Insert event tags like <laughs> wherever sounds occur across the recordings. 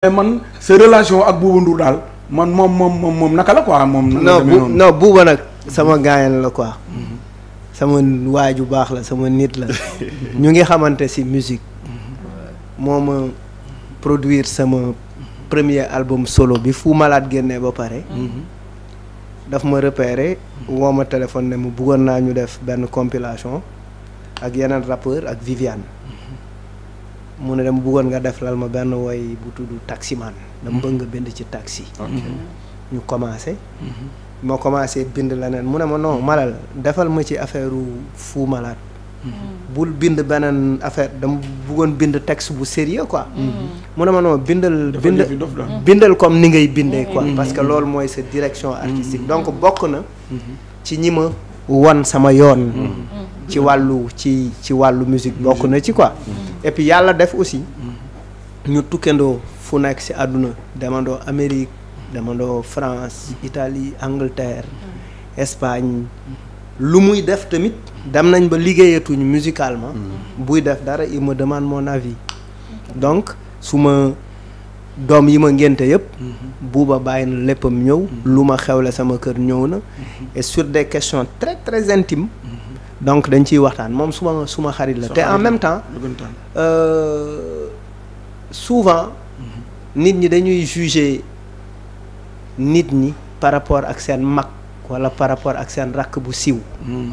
mais man sa relation ak Bouba Ndour daal man moom moom moom naka la quoi moom. non non Bouba nag sama gaayan la quoi. sama waay ju baax la sama nit la <laughs> ñu ngi xamante ci musique moo ma produire sama premier album solo bi fu malaat génnee ba pare. Mm-hmm. daf ma repéré woo ma téléphone ne mu buggoon naa ñu def benn compilation ak yeneen rappeur ak Viviane. mu ne dama bëggoon nga defal ma benn woy bu tudd taximan dama mhm. bëgg nga bind ci taxi ñu commencé moo mhm. commencé bind leneen mu ne ma non malal defal ma ci affaire Fou Malade mhm. bul bind beneen affaire dama buggoon bind texte bu sérieux quoi mu ne ma non bindal bind bindal comme ni ngay bindee quoi parce que loolu mooy sa direction artistique donc bokk na ci ñi ma won sama yoon ci wàllu ci ci wàllu musique bokk na ci quoi mm-hmm. et yàlla def aussi ñu tukkandoo fu nekk si àdduna demandoo Amérique demandoo France mm-hmm. Italie Angleterre mm-hmm. Espagne lu muy def tamit dem nañ ba liggéeyatuñu musicalement buy def dara il ma demande mon avis donc su ma doom yi ma ngénte yëpp buuba bàyyi na léppam ñëw lu ma xewle sama kër ñëw na et sur des questions très très intimes donc dañ ciy waxtaan moom suma suma xarit la te en même temps euh, souvent mm-hmm. nit ñi dañuy juger nit ñi par rapport ak seen mag wala par rapport ak seen rakk bu siiw mm-hmm.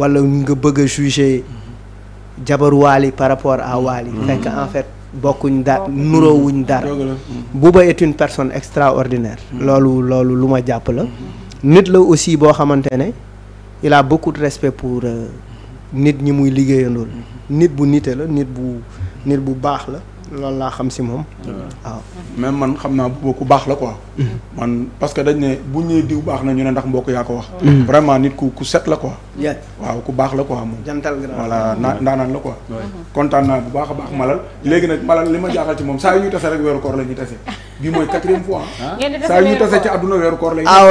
wala nga bëgg a juger mm-hmm. jabar waali par rapport à waali fekk en fait bokkuñ dara nuroowuñ dara Bouba est une personne extraordinaire loolu loolu lu ma jàpp la nit la aussi boo xamante ne il a beaucoup de respect pour euh, nit ñi muy liggéeyandoon nit bu nite la nit bu nit bu baax la loolu laa xam si moom waaw même man xam naa bu ku baax la quoi mm-hmm. man parce que dañ ne bu ñuy diw baax na ñu ne ndax mbokk yaa ko wax mm-hmm. vraiment nit ku ku set la quoi waaw ku baax la quoi moom jantal voilà naa mm-hmm. ndaanaan la quoi kontaan naa bu baax a baax malal léegi nag malal li ma jaaxal ci moom saa yu ñuy tase rek weeru koor la ñuy tase <laughs> bi mooy quatrième fois ah. saa ñu tase ci àdduna weeru koor lay. Ah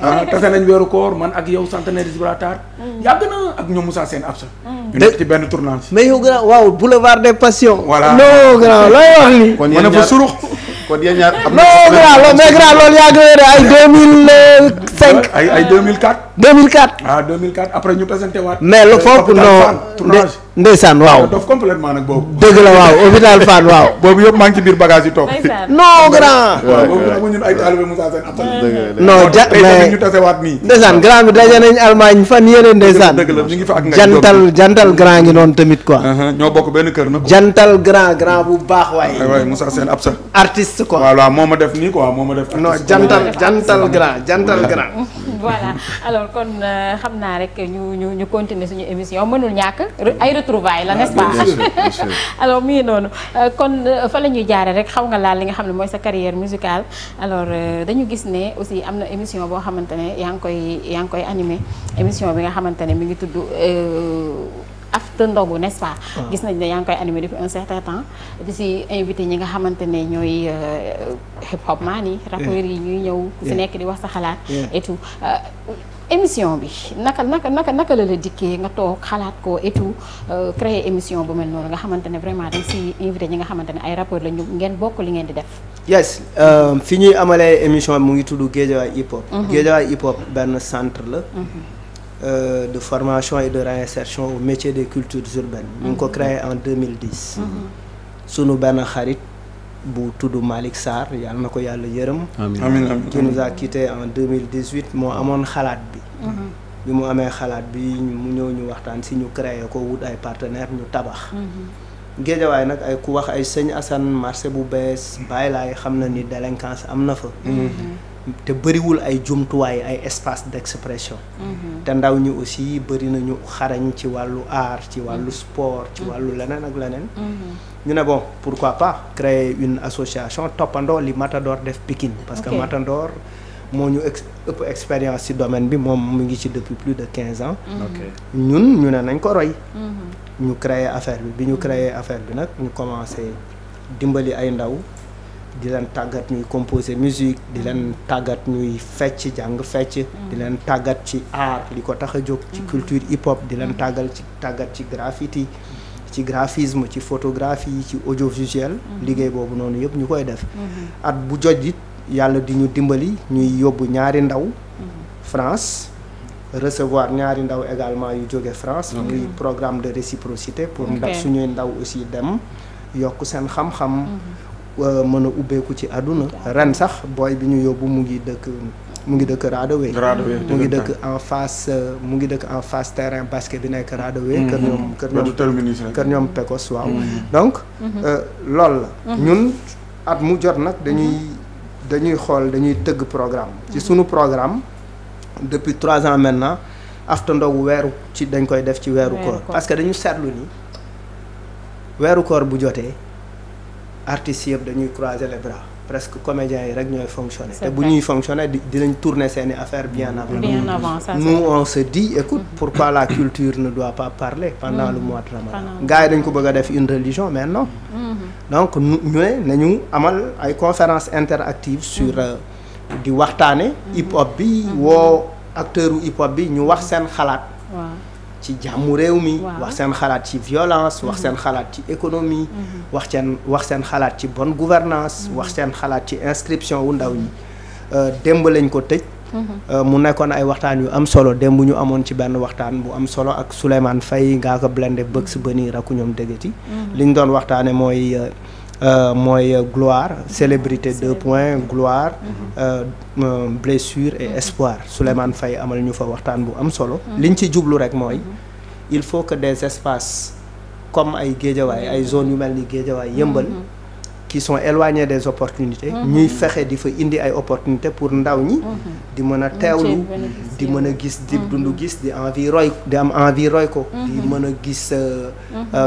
ah, tase nañ weeru koor man ak yow centenaire Gibraltar. Mm. yàgg na ak ñoom Moussa Sène Absa. Mm. ñu nekk ci benn tournage. mais yow grand waaw boulevard des passions. voilà grand looy wax nii. kon yéen na fa surux. kon grand loolu yàgg na ay deux mille cinq. ay deux mille quatre. deux mille quatre. après ñu présenté waat. mais lu euh, foofu non ndeysaan waaw ah, dof complètement nag boobu. dëgg la waaw hôpital Fann waaw. <laughs> boobu yëpp maa ngi ci biir bagage yi toog. non grand. waaw boobu non bi daje nañ Allemagne fan yële ndeysaan. dëgg la ñu ngi fa ak jantal jantal grand ngi noonu tamit quoi. Uh-huh, ñoo bokk benn kër nag. jantal grand grand bu baax waaye. waaye Moussa Sène ab sa. artiste quoi voilà moo ma def nii moo ma def. non jantal jantal grand jantal grand. voilà alors kon euh, naa rek ñu ñu ñu continuer suñu émission mënul ñàkk ay retrouvailles la ah, n'est-ce pas <laughs> alors mi ngi noonu euh, kon euh, fa la ñuy jaare rek xaw nga laal li nga xam ne mooy sa carrière musicale alors euh, dañu gis ne aussi am na émission boo xamante ne yaa ngi koy yaa ngi koy animé émission bi nga xamante ne mi ngi tudd after ndogu n'est-ce pas ah. gis nañ ne yaa ngi koy animé depuis un certain temps di si invité ñi nga xamante ne ñooy hip hop man yi rappeurs yi ñuy ñëw ku si nekk di wax sa xalaat émission bi naka naka naka naka la la dikkee nga toog xalaat ko et euh, créer émission bu mel noonu nga xamante ne vraiment dañ si invité ñi nga xamante ne ay rapport la ñu ngeen bokk li ngeen di def. yes euh, fi ñuy amalee émission mu ngi tudd Guédiawaye hip hop. Mhm. Guédiawaye hip hop benn centre la. Mhm. Euh, de formation et de réinsertion au métier de cultures urbaines. Mhm. ñu ngi ko créé en 2010. sunu benn xarit. bu tudd Malick Sarr yàlla na ko yàlla yërëm. amiin amiin qui deux mille quitté en 2018 moo amoon xalaat bi. Mm-hmm. bi mu amee xalaat bi mu ñëw ñu waxtaan si ñu créé ko wut ay partenaires ñu tabax. Mm-hmm. géejawaay nag ay ku wax ay sëñ Assane marché bu bees bàyyi laay xam na ni délinquance am na fa. Mm-hmm. te bëriwul ay jumtuwaay ay espace d'expression mm-hmm. te ndaw ñi aussi bëri nañu xarañ ci wàllu art ci wàllu mm-hmm. sport ci mm-hmm. wàllu leneen ak leneen ñu ne bon pourquoi pas créer une association toppandoo li matadoor def Pikine parce que Matador moo ñu ëpp expérience ci domaine bi moom mu ngi ci depuis plus de quinze ans ñun ñu ne nañ ko roy ñu créer affaire bi bi ñu créer affaire bi nag ñu commencé dimbali ay ndaw di leen tàggat ñuy composer musique di leen tàggat ñuy fecc jàng fecc di leen tàggat ci art li ko tax a jóg ci culture hip hop di leen tàggal ci tàggat ci graffiti ci graphisme ci photographie ci audiovisuel liggéey boobu noonu yëpp ñu koy def at bu joj it yàlla di ñu dimbali ñuy yóbbu ñaari ndaw France recevoir ñaari ndaw également yu jóge France muy programme de réciprocité pour ndax suñuy ndaw aussi dem yokk seen xam-xam mhm. Euh, mën a ubbeeku ci àdduna ren sax booy bi ñu yóbbu mu ngi dëkk mu ngi dëkk Radaway mu ngi dëkk en face euh, mu ngi dëkk en face terrain basket bi nekk Radaway mm-hmm. kër ñoom kër ñoom kër ñoom Pecos waaw mm-hmm. donc mm-hmm. Euh, loolu la ñun at mu jot nag dañuy dañuy xool dañuy tëgg programme ci sunu programme depuis trois ans maintenant after ndog weeru ci dañ koy def ci weeru koor parce que dañu seetlu ni weeru koor bu jotee artistes yëpp dañuy croiser les bras presque comédiens yi rek ñooy fonctionner te bu ñuy fonctionner dinañ tourner seeni affaire bien avant bien avant ça nous on se écoute mm-hmm. pourquoi la culture ne doit pas parler pendant mm-hmm. le mois de Ramadan dañ ko bëgg a def une religion mais non mm-hmm. donc ñu ne nañu amal ay conférences interactives sur euh, di waxtaane hip hop bi woo acteur u hip hop bi ñu wax seen xalaat ci jàmmu réew mi wax seen xalaat ci violence wax mhm. seen xalaat ci économie mhm. wax seen wax seen xalaat ci bonne gouvernance mhm. wax seen xalaat ci inscription wu ndaw ñi euh, démb lañ ko tëj euh, mu nekkoon ay waxtaan yu am solo démb ñu amoon ci benn waxtaan bu am solo ak Souleymane Faye ngaa ko blende bëgg si bëni rakku ñoom dëggati liñ doon waxtaane mooy euh, Euh, mooy euh, gloire célébrité deux points gloire euh, blessure et espoir Souleymane fay amal ñu fa waxtaan bu am solo li ñu ci jublu rek mooy il faut que des espaces comme ay géejawaay ay zones yu mel ni géejawaay yëmbal qui sont éloignés des opportunités. Mhm. ñuy fexe di fa indi ay opportunités pour ndaw ñi. Mhm. di mën a teewlu mhm. di mën a gis di dund gis di envie roy di am envie roy ko. di mën a gis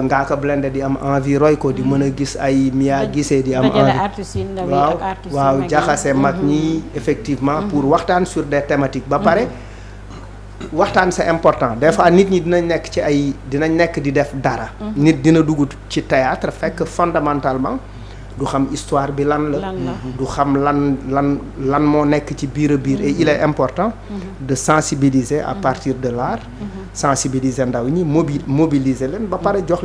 Ngaaka Blindé di am envie roy ko di mën a gis ay Mia gisee di am. envie waaw waaw jaxase mag ñi effectivement pour waxtaan sur des thématiques ba pare. waxtaan c'est important des fois nit ñi dinañ nekk ci ay dinañ nekk di def dara. nit dina dugg ci théâtre fekk fondamentalement. du xam histoire bi lan la mm-hmm. du xam lan lan lan moo nekk ci biir a biir et il est mm-hmm. important mm-hmm. de sensibiliser à partir de l'art sensibiliser ndaw ñi mobi mobiliser leen ba pare jox